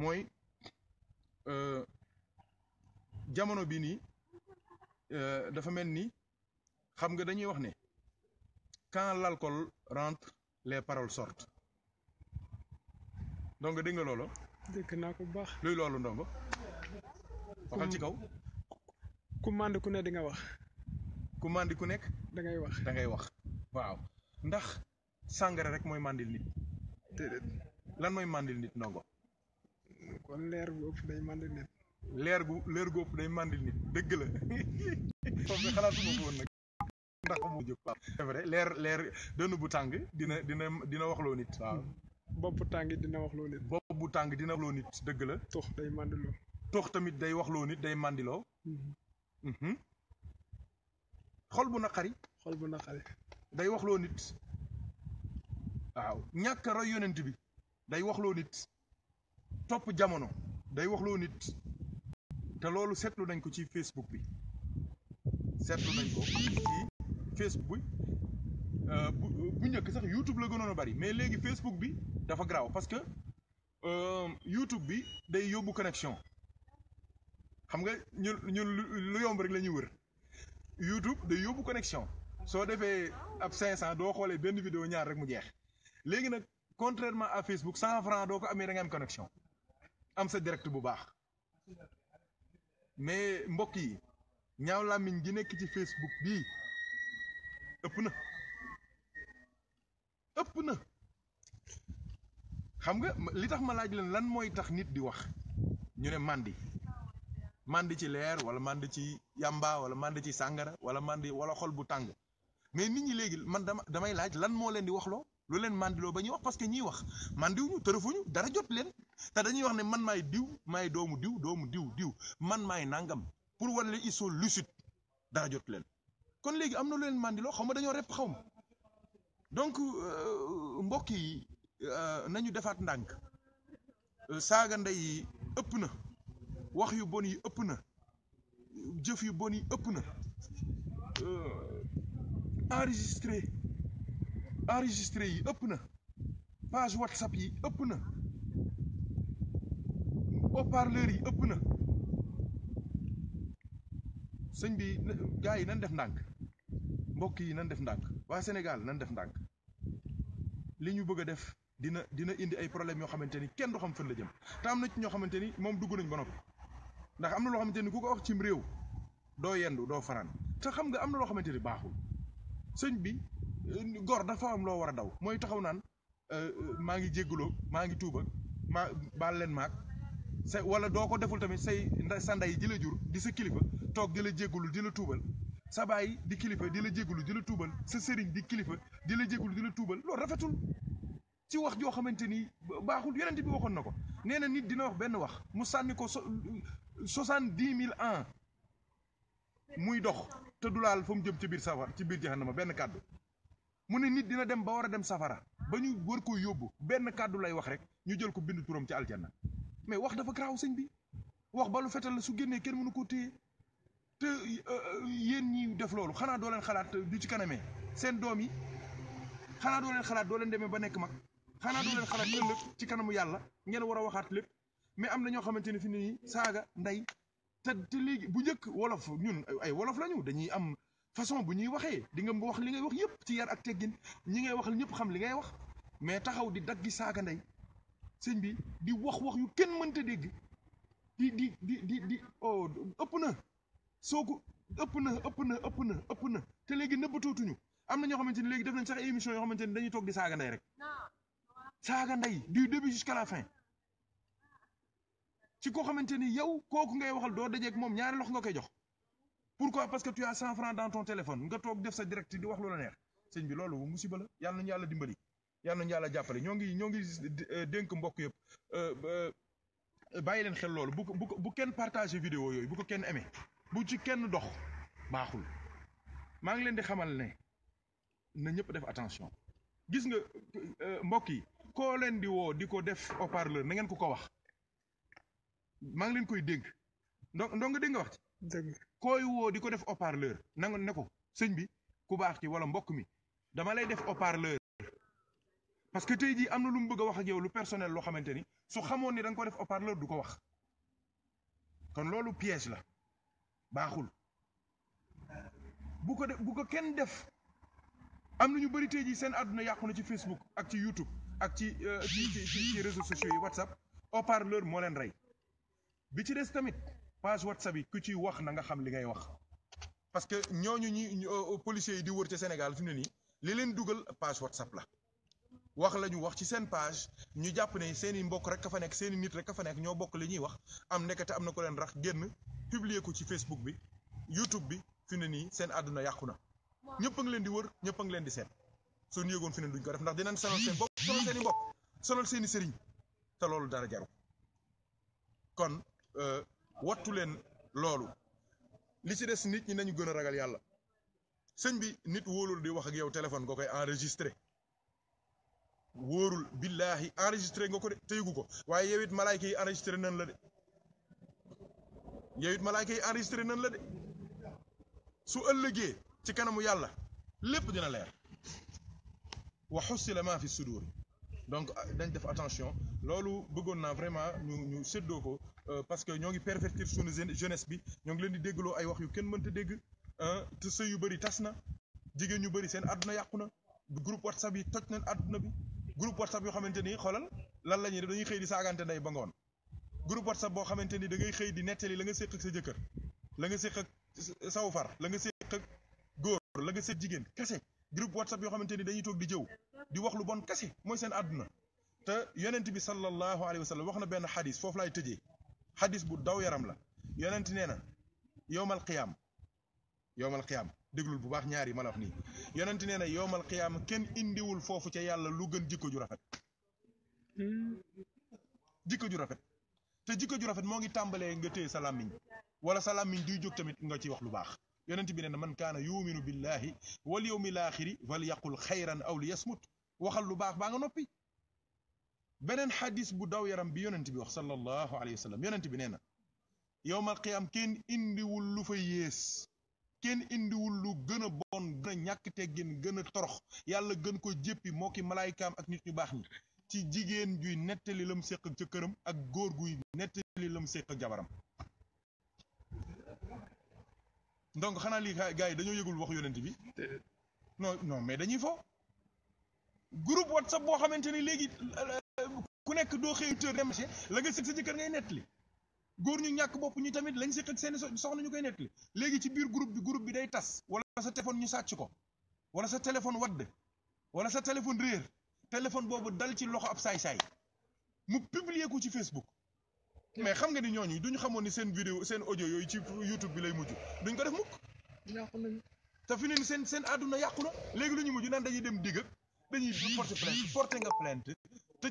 mooy euh, jamono bi nii euh, dafa mel ni xam nga dañuy wax ne quand l'alcool rentre les paroles sortent donc dégg nga loolu. dégg naa ko bu baax. luy loolu ndongo. waxal ci hmm. kaw. ku mànd ku ne di nga wax. ku ku da ngay wax da ngay wax. waaw ndax rek nit. lan moy màndil nit ndongo. kon leer gu ëpp leer gu leer gu ëpp day dëgg la. foofu nag. ndax mu jóg waaw bu tàng dina dina dina waxloo nit. waaw bopp tàng dina wax loo bu tàng dina waxloo nit dëgg la. tox day màndiloo. tox tamit day wax loo nit day màndiloo. Mhm. Mhm. xol bu naqari. xol bu naqari. day wax loo nit. waaw ñàkk a roy bi day wax loo nit. Top jamono day waxloo nit te loolu seetlu nañ ko ci Facebook bi seetlu nañ ko ci Facebook euh bu ñëk sax YouTube la gënoon bari mais légui Facebook bi dafa graw parce que euh, YouTube bi day yóbbu connexion xam nga ñun ñun lu yomb rek la wër YouTube day yobu connexion so défé ab 500 do xolé benn vidéo ñaar rek mu jeex légui nak contrairement à Facebook 100 francs do ko amé da nga am connexion. am sa direct bu baax mais mbokk yi ñaaw min gi nekk ci facebook bi, ëpp na ëpp na xam nga li tax ma laaj leen lan mooy tax nit di wax ñu ne mandi mandi ci leer wala mandi ci yamba wala mandi ci sangara wala mandi wala xol bu tàng mais nit ñi léegi man dama damay laaj lan moo leen di waxloo lu leen mandiloo ba ñuy wax parce que ñiy wax mandiwuñu tërëfuñu dara jot leen te dañuy wax ne man maay diw may doomu diw doomu diw diw man maay nàngam pour wan leen ils sont lucides dara jot leen kon léegi am na lu leen mandiloo xaw ma dañoo rep xaw ma donc euh, mbokk yi euh, nañu defaat ndànk euh, saaga ndey ëpp na wax yu bon yi ëpp na jëf yu bon yi ëpp na enregistré enregistré yi ëpp na page whatsapp yi ëpp na haut-parleur yi ëpp na sëñ bi gaay yi nan def ndànk mbokk yi nan def ndànk waa Sénégal nan def ndànk li ñu bëgg a def dina dina indi ay problème yoo xamante ni kenn du xam fan la jëm te am na ci ñoo xamante ni moom dugg nañ ba noppi ndax am na loo xamante ni ku ko wax cim réew doo yendu doo fanaan te xam nga am na loo xamante ni baaxul sëñ bi Euh, gor dafa am loo war a daw mooy taxaw naan euh, euh, maa ngi jégguloo maa ngi tuuba maa baal leen maag sa wala doo ko deful tamit say sa ndey ji la jur di sa kilifa toog di la jéggulu di la tuubal sa baay di kilifa di la jéggulu di la tuubal sa sëriñ di kilifa di la jéggulu di la tuubal loolu rafetul ci wax joo xamante ni baaxul yonent bi waxoon na ko nee na nit dina wax benn wax mu sànni ko soixante-dix mille en muy dox te du laal fa mu jëm ci biir safar ci biir jahannama benn kàddu mu ne nit dina dem ba war a dem safara ba ñu war ko yóbbu benn kàddu lay wax rek ñu jël ko bind turam ci aljanna mais wax dafa garaaw sëñ bi wax ba lu fetal la su génnee kenn mënu koo téye te euh, yéen ñi def loolu xanaa doo leen xalaat du ci kanamee seen doom yi xanaa doo leen xalaat doo leen demee ba nekk mag xanaa doo leen xalaat ëllëg ci kanamu yàlla ngeen war a waxaat lépp mais am na ñoo xamante ne fi ni saaga ndey te te léegi bu njëkk wolof ñun ay wolof lañu dañuy am façon bu ñuy waxee di nga wax li ngay wax yëpp ci yar ak teggin ñi ngay waxal ñëpp xam li ngay wax mais taxaw di daggi saaga ndey sëñ bi di wax wax yu kenn mënta dégg di di di di di oh ëpp na soo ko ëpp na ëpp na ëpp na ëpp na te léegi nëbbatootuñu am na ñoo xamante ni léegi def nañ sax émission yoo xamante ni dañuy toog di saaga ndey rek saaga ndey du début jusqu'à la fin ci koo xamante ni yow kooku ngay waxal doo dajeeg moom ñaari loxo nga koy jox. pourquoi parce que tu as 100 francs dans ton téléphone nga tok def sa direct di wax lu la neex sëñ bi lolu musiba la Yalla nañu Yalla dimbali Yalla nañu Yalla jappalé. ñoo ngi ñoo ngi euh, dénk mbokk yëpp euh, euh, bàyyi leen xel lolu. bu bu ko bu kenn partagé vidéo yoy, bu ko kenn aimé. bu ci kenn dox baaxul Ma ngi leen di xamal né na ñëpp def attention gis nga mbokk yi ko leen di wo diko def au parleur na ngeen ko ko wax Ma ngi leen koy dénk ndo ndoo nga dégg wax ci koy woo di ko def haut-parleur nangu ne ko sëñ bi ku baax ci wala mbokk mi dama lay def haut-parleur parce que tey jii am na lu mu bëgg a wax a yow lu personnel loo xamante ni su xamoon ni da ko def haut-parleur du ko wax kon loolu piège la baaxul bu ko def bu ko kenn def am na ñu bëri tey jii seen àdduna yàqu na ci Facebook ak ci YouTube ak euh, ci ci ci ci réseaux sociaux yi WhatsApp haut-parleur moo leen rey bi ci des tamit. page whatsapp bi ku ci wax na nga xam li ngay wax parce que ñoñu ñi euh, euh, policier yi di wër ci Sénégal fi mu ne nii li leen duggal page whatsapp la wax lañu wax ci seen page ñu japp ne seeni mbokk rek ka fa nek seeni nit rek ka fa nek ñoo bokk li ñuy wax am nekata am ko leen rax genn publier ko ci Facebook bi YouTube bi fi ne ni seen aduna yakuna ñepp ñëpp ngi leen di wër ñepp a ngi leen di so ñu yegoon fi ne duñ ko def ndax dinañ sonal seen bokk sonal seeni mbokk sonal seeni sëriñ te loolu dara jaru kon euh, wattu leen loolu li ci des nit ñi nañu gën a ragal yàlla sëñ bi nit wóorul di wax ak yow téléphone nga koy enregistré wóorul billaahi enregistré nga ko de te yëgu ko waaye yow it malaayka yi enregistré nan la de it malaayka yi enregistré la su ëllëgee ci kanamu yàlla lépp dina leer wa xusila ma fi sudur donc dañ def attention loolu bëggoon naa vraiment ñu ñu séddoo ko Euh, parce que ñoo ngi pervertir suñu jeunesse bi ñoo ngi leen di déggloo ay wax yu kenn mënta dégg te sëy yu bëri tas na jigéen ñu bëri seen àdduna yàqu na groupe whatsapp yi toj nañ àdduna bi groupe whatsapp yoo xamante ni xoolal lan la ñuy def dañuy xëy di saagante nday ba ngoon groupe whatsapp boo xamante ni da xëy di nettali la nga séq ak sa jëkkër la nga séq ak sa far la nga séq ak góor la nga séq jigéen kese groupe whatsapp yoo xamante ni dañuy toog di jëw di wax lu bon kese mooy seen àdduna te yonent bi sallallahu alayhi wa sallam wax na benn xadis foofu laay tëjee xadis bu daw yaram la yonent nee na yowmal qiyaam yowmal qiyaam déglul bu baax ñaar yi ma la wax nii yonent nee na yowmal qiyaam kenn indiwul foofu ca yàlla lu gën jikko ju rafet jikko ju rafet te jikko ju rafet moo ngi tàmbalee nga téye sa làmmiñ wala sa làmmiñ duy jóg tamit nga ci wax lu baax yonent bi nee na man kaana yuminu billahi wal yawmil axiri fal yaqul xayran aw li yasmut waxal lu baax baa nga noppi beneen xadis bu daw yaram bi yonent bi wax sallallahu alayhi wa sallam yonent bi nee na yowmal kenn indiwul lu fa yées kenn indiwul lu gën a bon gën a ñàkk teggin gën a torox yàlla gën ko jéppi moo ki malaaykaam ak nit ñu baax ñi ci jigéen juy nettali lam séq ca këram ak góor guy nettali lam séq ak jabaram donc xanaa lii gars yi dañoo yëgul wax yonent bi non non mais dañuy fo groupe WhatsApp boo xamante léegi ku nekk doo xëy tër dem marché la nga sëg sa jëkkër ngay nettali góor ñu ñàkk bopp ñu tamit lañ sëq ak seeni soxna ñu koy nettali léegi ci biir groupe bi bi day tas wala sa téléphone ñu sàcc ko wala sa téléphone wadd wala sa téléphone réer téléphone boobu dal ci loxo ab saay-saay mu publier ko ci Facebook mais xam nga ni ñooñu duñu xamoon ni seen vidéo seen ojo yooyu ci YouTube bi lay mujj duñ ko def mukk yàqu nañu te fi ne seen seen àdduna léegi lu ñu mujj naan dañuy dem digg dañuy porter plainte porter nga plainte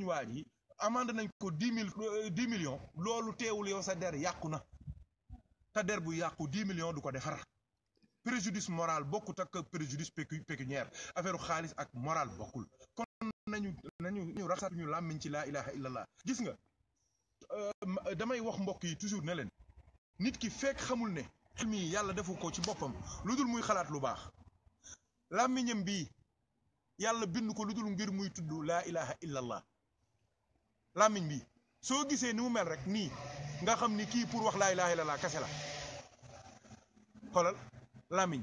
ñu waa ji amande nañ ko dix mille euh, dix millions loolu teewul yow sa der yàqu na te der bu yàqu dix millions du ko defar préjudice moral bokkut ak préjudice pécuniaire affaire xaalis ak moral bokkul kon nañu nañu ñu raxas làmmiñ ci laa ilaha illallah gis nga euh, damay wax mbokk yi toujours ne leen nit ki fekk xamul ne xel mi yàlla defu ko ci boppam lu dul muy xalaat lu baax làmmiñam bi yàlla bind ko lu dul ngir muy tudd laa ilaha illallah làmmiñ bi soo gisee ni mu mel rek nii nga xam ni kii pour wax laa ilaaha illallaah kese la xoolal làmmiñ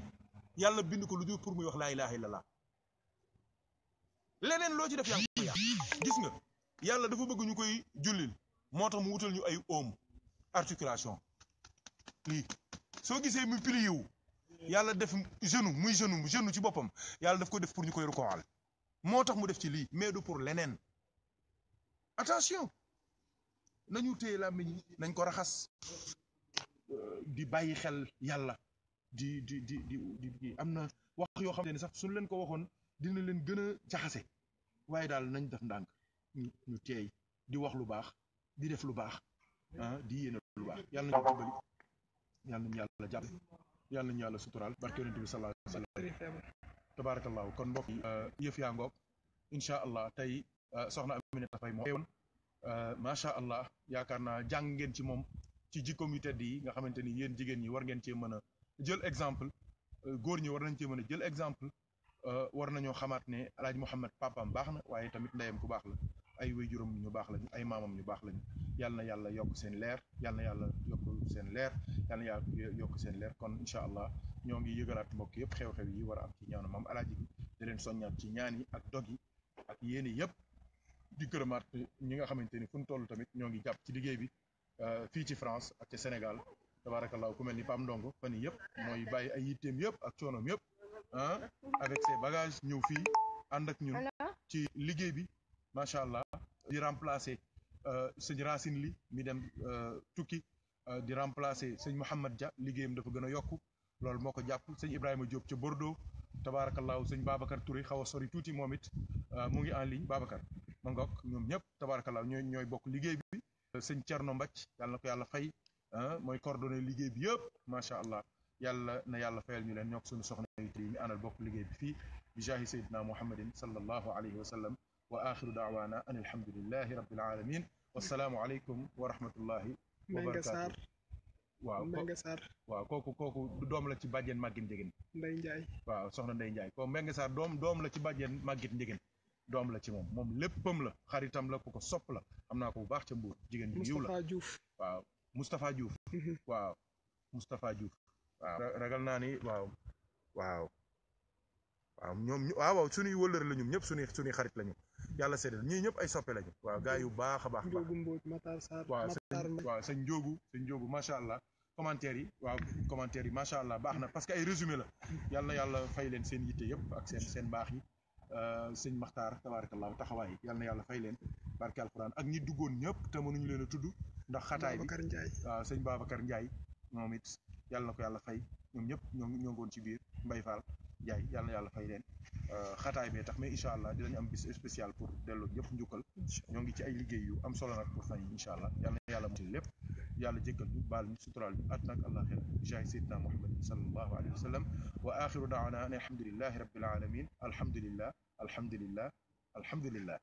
yàlla bind ko lu dul pour muy wax laa ilaaha illallaah leneen loo ci def yaa ngi gis nga yàlla dafa bëgg ñu koy jullil moo tax mu wutal ñu ay om articulation lii soo gisee mu pili yiw yàlla def genou muy genou genou ci boppam yàlla daf ko def pour ñu koy rukowaal moo tax mu def ci lii mais du pour leneen attention nañu téye làmmiñ nañ ko raxas di bàyyi xel yàlla di di di di am na wax yoo xam ne sax suñ leen ko waxoon dina leen gën a jaxase waaye daal nañ def ndànk ñu teey di wax lu baax di def lu baax ah di yéene lu baax yàlla nañu dimbali yàlla nañu yàlla jàpp yàlla nañu yàlla suturaal barke yonent bi sallallahu alayhi wa kon mbokk ah, yëf yaa ngoog incha allah tey Euh, soxna Aminata Faye moo woon euh, macha allah yaakaar naa jàng ngeen ci moom ci jikkoom yu tedd yi nga xamante ni yéen jigéen ñi war ngeen cee mën a jël exemple euh, góor ñi war nañ cee mën a jël exemple war nañoo xamaat ne alaaj Mouhamed papaam baax na waaye tamit ndeyam ku baax la ay waajuram ñu baax lañu ay maamam ñu baax lañu yal na yàlla yokk seen leer yal yàlla yokk seen leer yal na yàlla yokk seen leer kon incha allah ñoo ngi yëgalaat mbokk yëpp xew-xew yi war a am ci ñaanu maam alaaji bi di leen soññaat ci ñaan yi ak dog yi ak yéene yëpp di gërëmaat ñi nga xamante ni fu ñu toll tamit ñoo ngi jàpp ci liggéey bi euh, fii ci France ak ci Sénégal tabaarakallaahu ku mel ni Pam Ndongo fan yii yëpp mooy bàyyi ay yitteem yëpp ak coonoom yëpp ah avec ses bagages ñëw fii ànd ak ñun ci liggéey bi macha allah di remplacer euh, sëñ Racine li mi dem euh, tukki di remplacer sëñ Mouhamad liggéey liggéeyam dafa gën a yokku loolu moo ko jàpp sëñ Ibrahima Diop ca Bordeaux tabaarakallaahu sëñ Babacar turi xaw a sori tuuti moom it mu ngi en ligne Babacar. ma ngoog ñoom ñëpp tabarakallah ñooy ñooy bokk liggéey bi sëñ Thierno Mbacc yàlla na ko yàlla fay mooy coordonné liggéey bi yëpp macha allah yàlla na yàlla fayal ñu leen ñoo suñu soxna yu yi ñu àndal bokk liggéey bi fii bi jaahi sayidina muhammadin sallallahu alayhi wa sallam wa axiru daawaana an alhamdulillahi rabbil alamin wassalaamu alaikum wa rahmatullahi wa barakaatu waaw Mbengue dom waaw kooku kooku doom la ci bàjjen màggin njëgin Ndeye Ndiaye waaw soxna Ndeye Ndiaye ko doom doom la ci bàjjen doom la ci moom moom léppam la xaritam la ku ko sopp la xam naa ko bu baax ca mbuur jigéen bi yiw la Moustapha Diouf waaw Moustapha Diouf mhm. waaw Moustapha Diouf waaw ragal naa ni waaw waaw ñoom waaw waaw suñuy wëllër la ñum ñëpp suñuy suñuy xarit la ñu yàlla seedal ñii ñëpp ay soppe la ñu waaw gars yu baax a baax waaw waaw sëñ Njóogu sëñ Njóogu macha allah commentaires yi waaw commentaires yi macha allah baax na parce que ay résumé la yàlla yàlla fay leen seen yitte yëpp ak seen seen baax yi Euh, sëñ Maxtaar tabaarakallaahu taxawaay yal na yàlla fay leen barke alxuraan ak ñi duggoon ñëpp te mënuñu leen a tudd ndax xataay bi waaw sëñ Babacar Ndiaye moom it yàlla na ko yàlla fay ñoom ñëpp ñoo ñoo ngoon ci biir Mbay Fall Ndiaye yàlla yàlla fay leen euh, xataay bee tax mais incha allah dinañ am bis spécial pour delloo ñëpp njukkal ñoo ngi ci ay liggéey yu am solo nag pour fan yi allah yàlla na yàlla motil lépp yàlla jëkkal ñu baal ñu suturaal ñu àdduna ak àllaaxira jaay sayyidina muhammadin sallallahu alayhi wa sallam wa axiru daana an الحمد لله الحمد لله